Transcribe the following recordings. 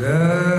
La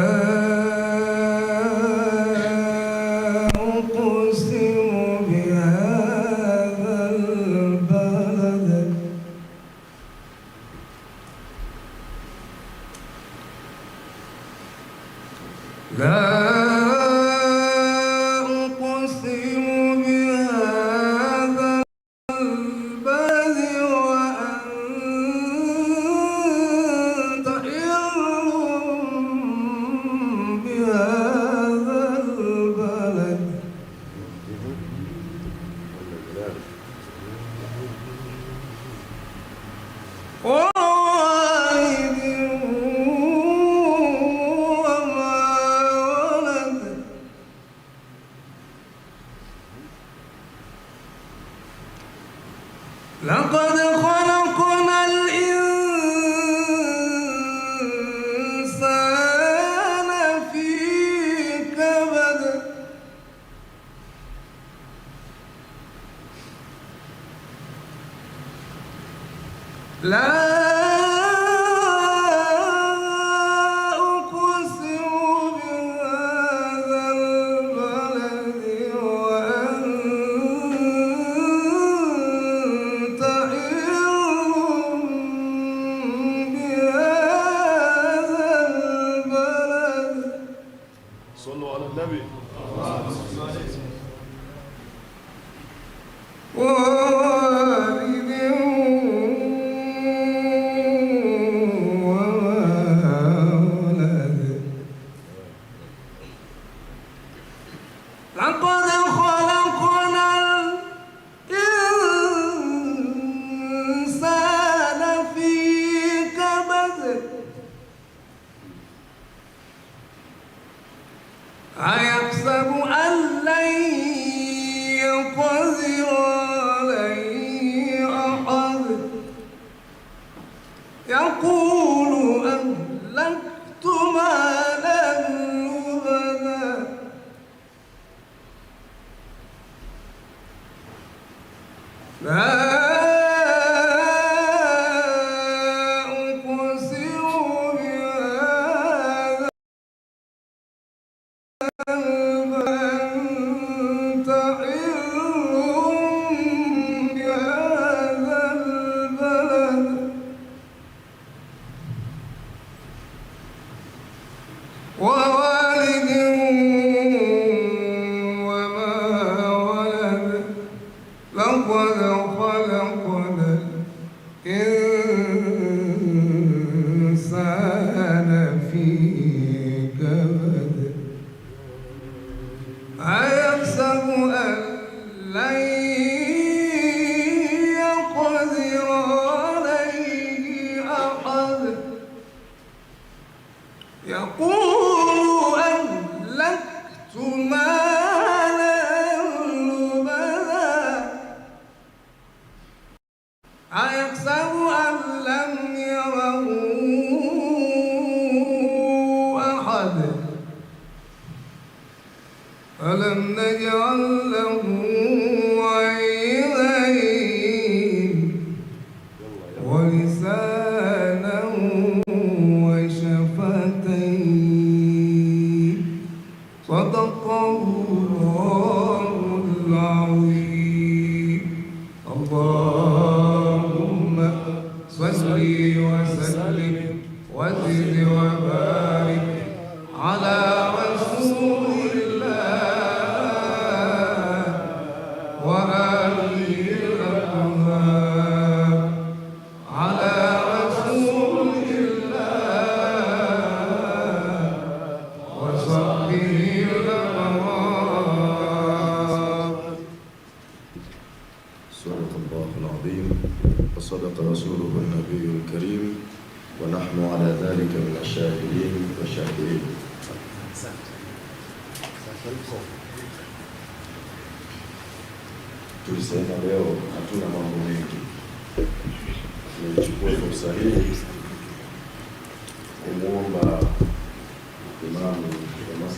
La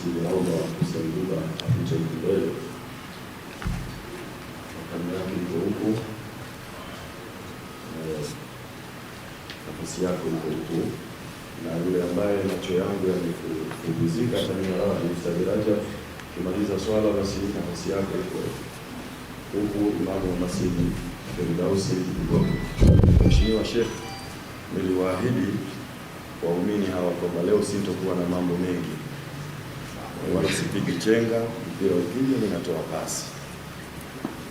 zimeomba kusaidiwa picha hiki mbele, makamu yake iko huku, nafasi yako iko huku, na yule ambaye macho yangu yamefunguzika tanimarawa Mustadiraja, kimaliza swala basi nafasi yako iko huku, imamu wa masjidi Firdausi Igombe. Mheshimiwa Sheikh, niliwaahidi waumini hawa kwamba leo sitokuwa na mambo mengi wanasipigi chenga mpira ukija, ninatoa pasi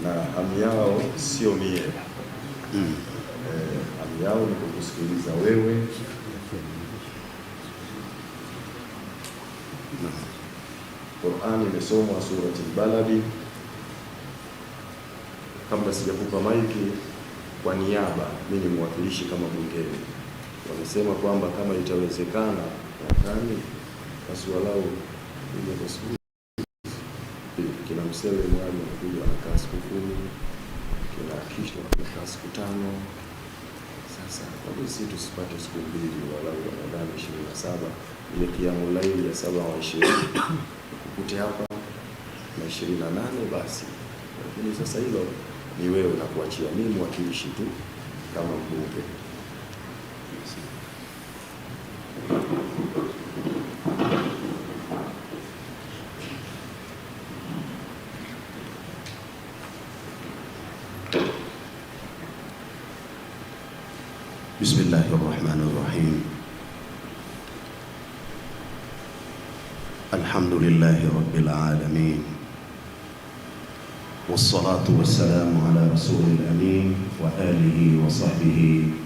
na hamu yao sio mie mm. Eh, hamu yao ni kukusikiliza wewe Qurani imesomwa surati Baladi. Kabla sijakupa maiki, kwa niaba mimi ni mwakilishi kama bungeni, wamesema kwamba kama itawezekana wakani basi walau kuja kwa siku kina Msele mwalimu wanakuja wanakaa siku kumi, kina Kisha wanakaa siku tano. Sasa kwa nini sisi tusipate siku mbili walau wanadani ishirini na saba ile kiamu laili ya saba wa ishirini kukute hapa na ishirini na nane basi. Lakini sasa hilo ni wewe, nakuachia mimi mwakilishi tu kama mbunge. بسم الله الرحمن الرحيم الحمد لله رب العالمين والصلاة والسلام على رسول الأمين وآله وصحبه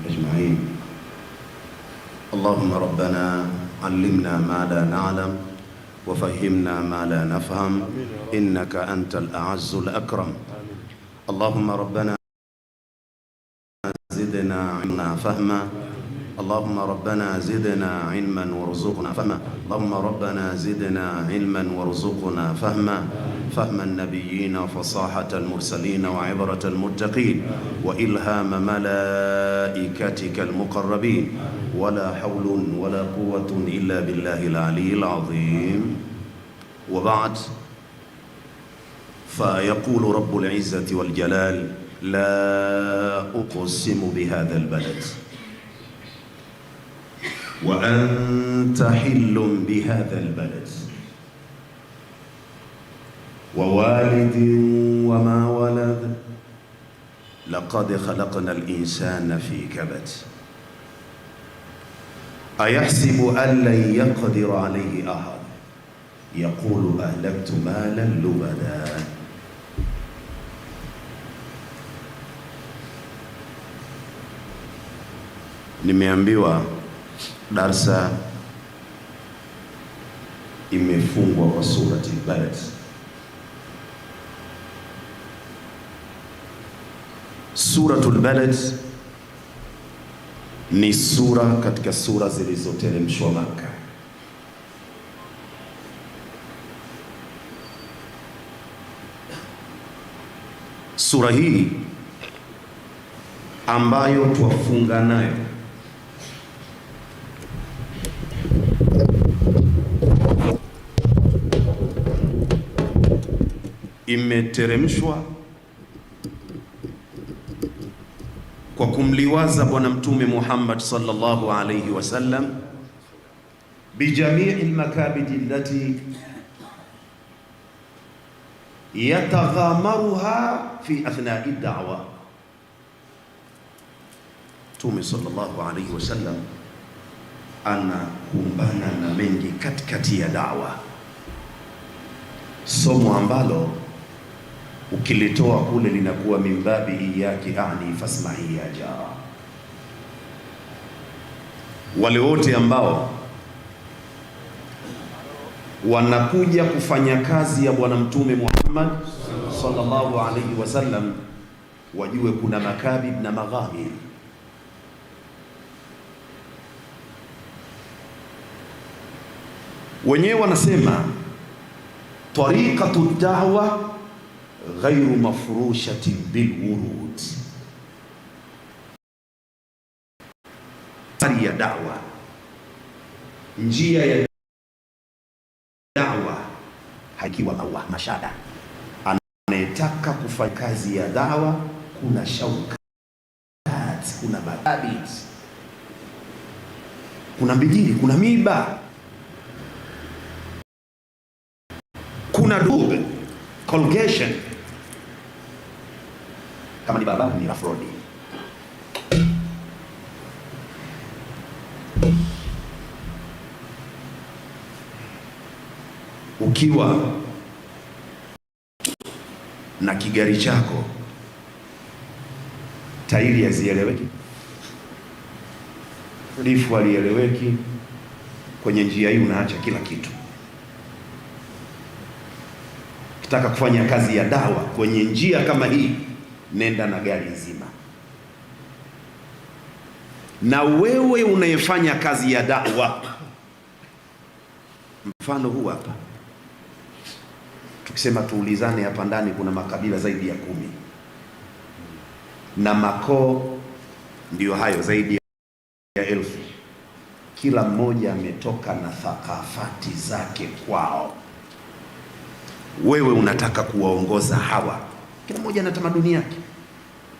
أجمعين اللهم ربنا علمنا ما لا نعلم وفهمنا ما لا نفهم إنك أنت الأعز الأكرم اللهم ربنا زدنا علما فهما اللهم ربنا زدنا علما وارزقنا فهما اللهم ربنا زدنا علما وارزقنا فهما فهم النبيين وفصاحة المرسلين وعبرة المتقين وإلهام ملائكتك المقربين ولا حول ولا قوة إلا بالله العلي العظيم وبعد فيقول رب العزة والجلال لا أقسم بهذا البلد وأنت حل بهذا البلد ووالد وما ولد لقد خلقنا الإنسان في كبد أيحسب أن لن يقدر عليه أحد يقول أهلكت مالا لبدا Nimeambiwa darsa imefungwa kwa surati al Suratul ni sura katika sura zilizoteremshwa Maka. Sura hii ambayo twafunga nayo imeteremshwa kwa kumliwaza Bwana Mtume Muhammad sallallahu alayhi wasallam bijamii lmakabidi lati yataghamaruha fi athnai da'wa. Mtume sallallahu alayhi wasallam anakumbana na mengi katikati ya da'wa, somo ambalo ukilitoa kule linakuwa mimbabi iyaki ani fasmahia jaa. Wale wote ambao wanakuja kufanya kazi ya Bwana Mtume Muhammad sallallahu alaihi wasallam wajue kuna makabid na maghamir. Wenyewe wanasema tariqatu da'wa ghairu mafurushatin bilwurud ya dawa, njia ya dawa hakiwa Allah mashada anayetaka kufanya kazi ya dawa, kuna shauka, kuna badabit, kuna mbijili, kuna miba, kuna dub colgation kama ni barabara ni rough road. Ukiwa na kigari chako tairi hazieleweki, lifu halieleweki, kwenye njia hii unaacha kila kitu. Ukitaka kufanya kazi ya dawa kwenye njia kama hii nenda na gari zima. Na wewe unayefanya kazi ya da'wa, mfano huu hapa. Tukisema tuulizane hapa ndani, kuna makabila zaidi ya kumi na makoo ndiyo hayo zaidi ya elfu. Kila mmoja ametoka na thakafati zake kwao. Wewe unataka kuwaongoza hawa kila mmoja na tamaduni yake,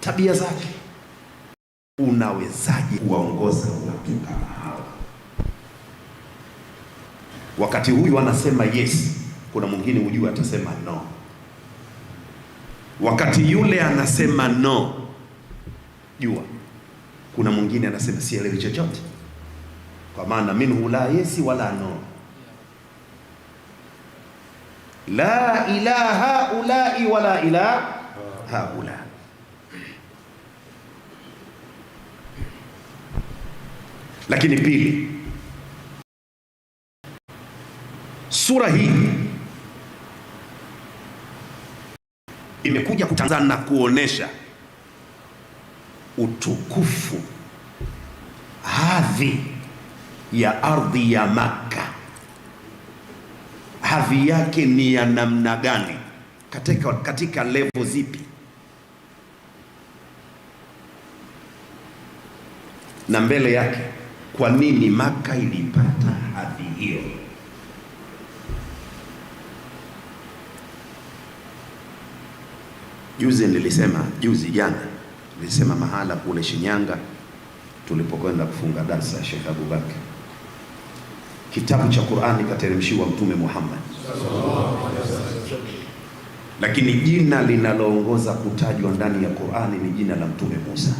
tabia zake. Unawezaje kuwaongoza unapingana hao? Wakati huyu anasema yes, kuna mwingine hujua atasema no. Wakati yule anasema no, jua kuna mwingine anasema sielewi chochote, kwa maana minhu la yesi wala no la ilaha ulai wala ilaha هؤلاء Lakini pili, sura hii imekuja kutangaza na kuonesha utukufu, hadhi ya ardhi ya Makka, hadhi yake ni ya namna gani? katika, katika levo zipi? Na mbele yake kwa nini Maka ilipata hadhi hiyo? Juzi nilisema juzi jana nilisema mahala kule Shinyanga tulipokwenda kufunga darsa ya Sheikh Abubakar, kitabu cha Qur'ani kateremshiwa Mtume Muhammad lakini jina linaloongoza kutajwa ndani ya Qur'ani ni jina la Mtume Musa,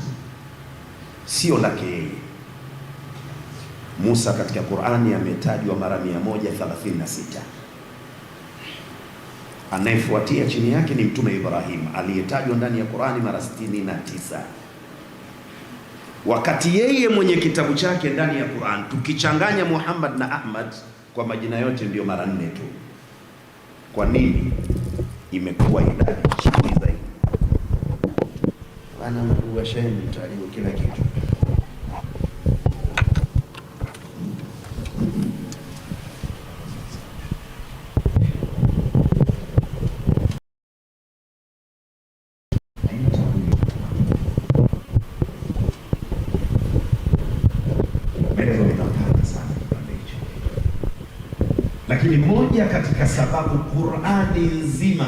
sio lake yeye. Musa katika Qur'ani ametajwa mara 136. Anayefuatia chini yake ni Mtume Ibrahim aliyetajwa ndani ya Qur'ani mara 69, wakati yeye mwenye kitabu chake ndani ya Qur'an, tukichanganya Muhammad na Ahmad kwa majina yote ndiyo mara nne tu. Kwa nini? imekuwa idadi chini zaidi. bana mkuu wa shehe mtalimu kila kitu Lakini moja katika sababu Qur'ani nzima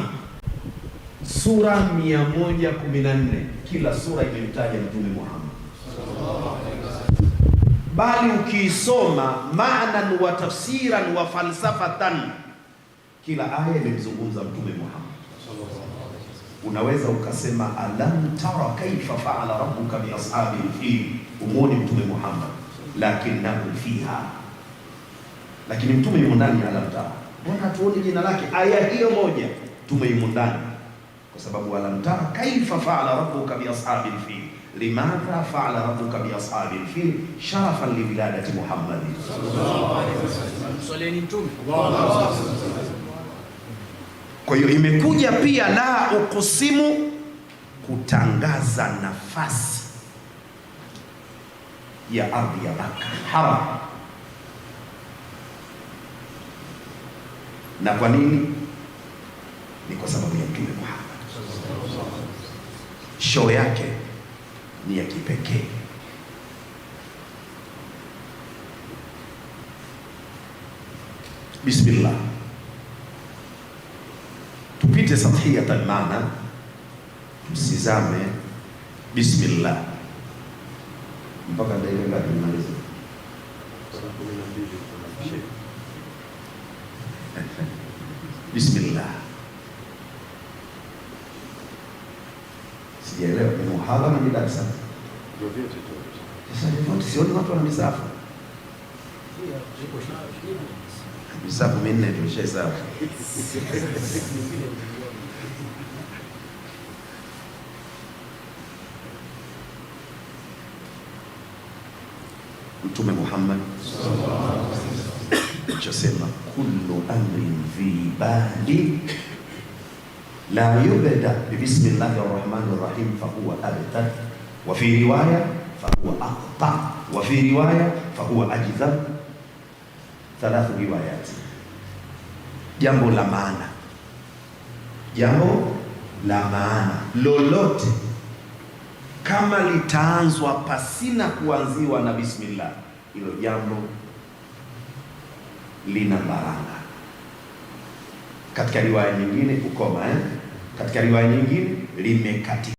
sura 114 kila sura imemtaja Mtume Muhammad, bali ukiisoma maanan wa tafsiran wa falsafatan, kila aya imemzungumza Mtume Muhammad. Unaweza ukasema alam tara kaifa faala rabbuka ashabi fil, umuone Mtume Muhammad lakinnahu fiha lakini mtume yumo ndani ya alamtaa. Mbona hatuoni jina lake? Aya hiyo moja, mtume yumo ndani, kwa sababu alamtaa kaifa faala rabbuka bi ashabil fil limadha faala rabbuka bi ashabil fil sharafan li wiladati Muhammad sallallahu wasallam. mtume. Kwa hiyo imekuja pia la ukusimu, kutangaza nafasi ya ardhi ya Maka haram Na kwa nini? Ni kwa sababu ya Mtume Muhammad. Show yake ni ya kipekee. Bismillah, tupite sathiyatan maana, tusizame bismillah mpaka dakika ngapi? Maliza. Bismillah, sijaelewa ni muhadhara ni darasa vyovyote tu. Sasa vyovyote, sioni watu wana misafu misafu minne tulishahesabu. Mtume Muhammad kilichosema kullu amrin fi bali la yubda bismillahi rahmani rahim fahuwa abta wa fi riwaya fahuwa aqta wa fi riwaya fahuwa ajza thalathu riwayat. Jambo la maana, jambo la maana lolote kama litaanzwa pasina kuanziwa na bismillah, hilo jambo lina maana Katika riwaya nyingine ukoma eh? Katika riwaya nyingine limekatikiwa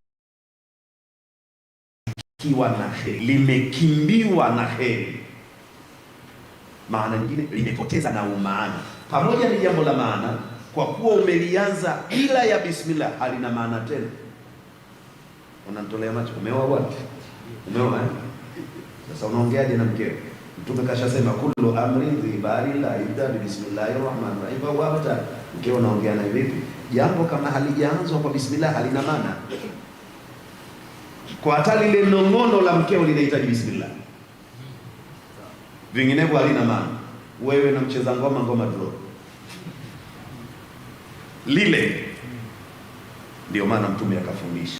na heri, limekimbiwa na heri, maana nyingine limepoteza na umaana. Pamoja ni jambo la maana, kwa kuwa umelianza bila ya bismillah, halina maana tena. Unanitolea macho, umeoa bwana, umeoa eh? Sasa unaongeaje na mkeo? Mtume kashasema kullu amrin dhibari la ibda bi bismillahir rahmanir rahim. Au hata ukiwa unaongea na vipi, jambo kama halijaanzwa kwa bismillah halina maana, kwa hata lile nong'ono la mkeo linahitaji bismillah, vinginevyo halina maana. Wewe na mcheza ngoma, ngoma dro lile. Ndio maana Mtume akafundisha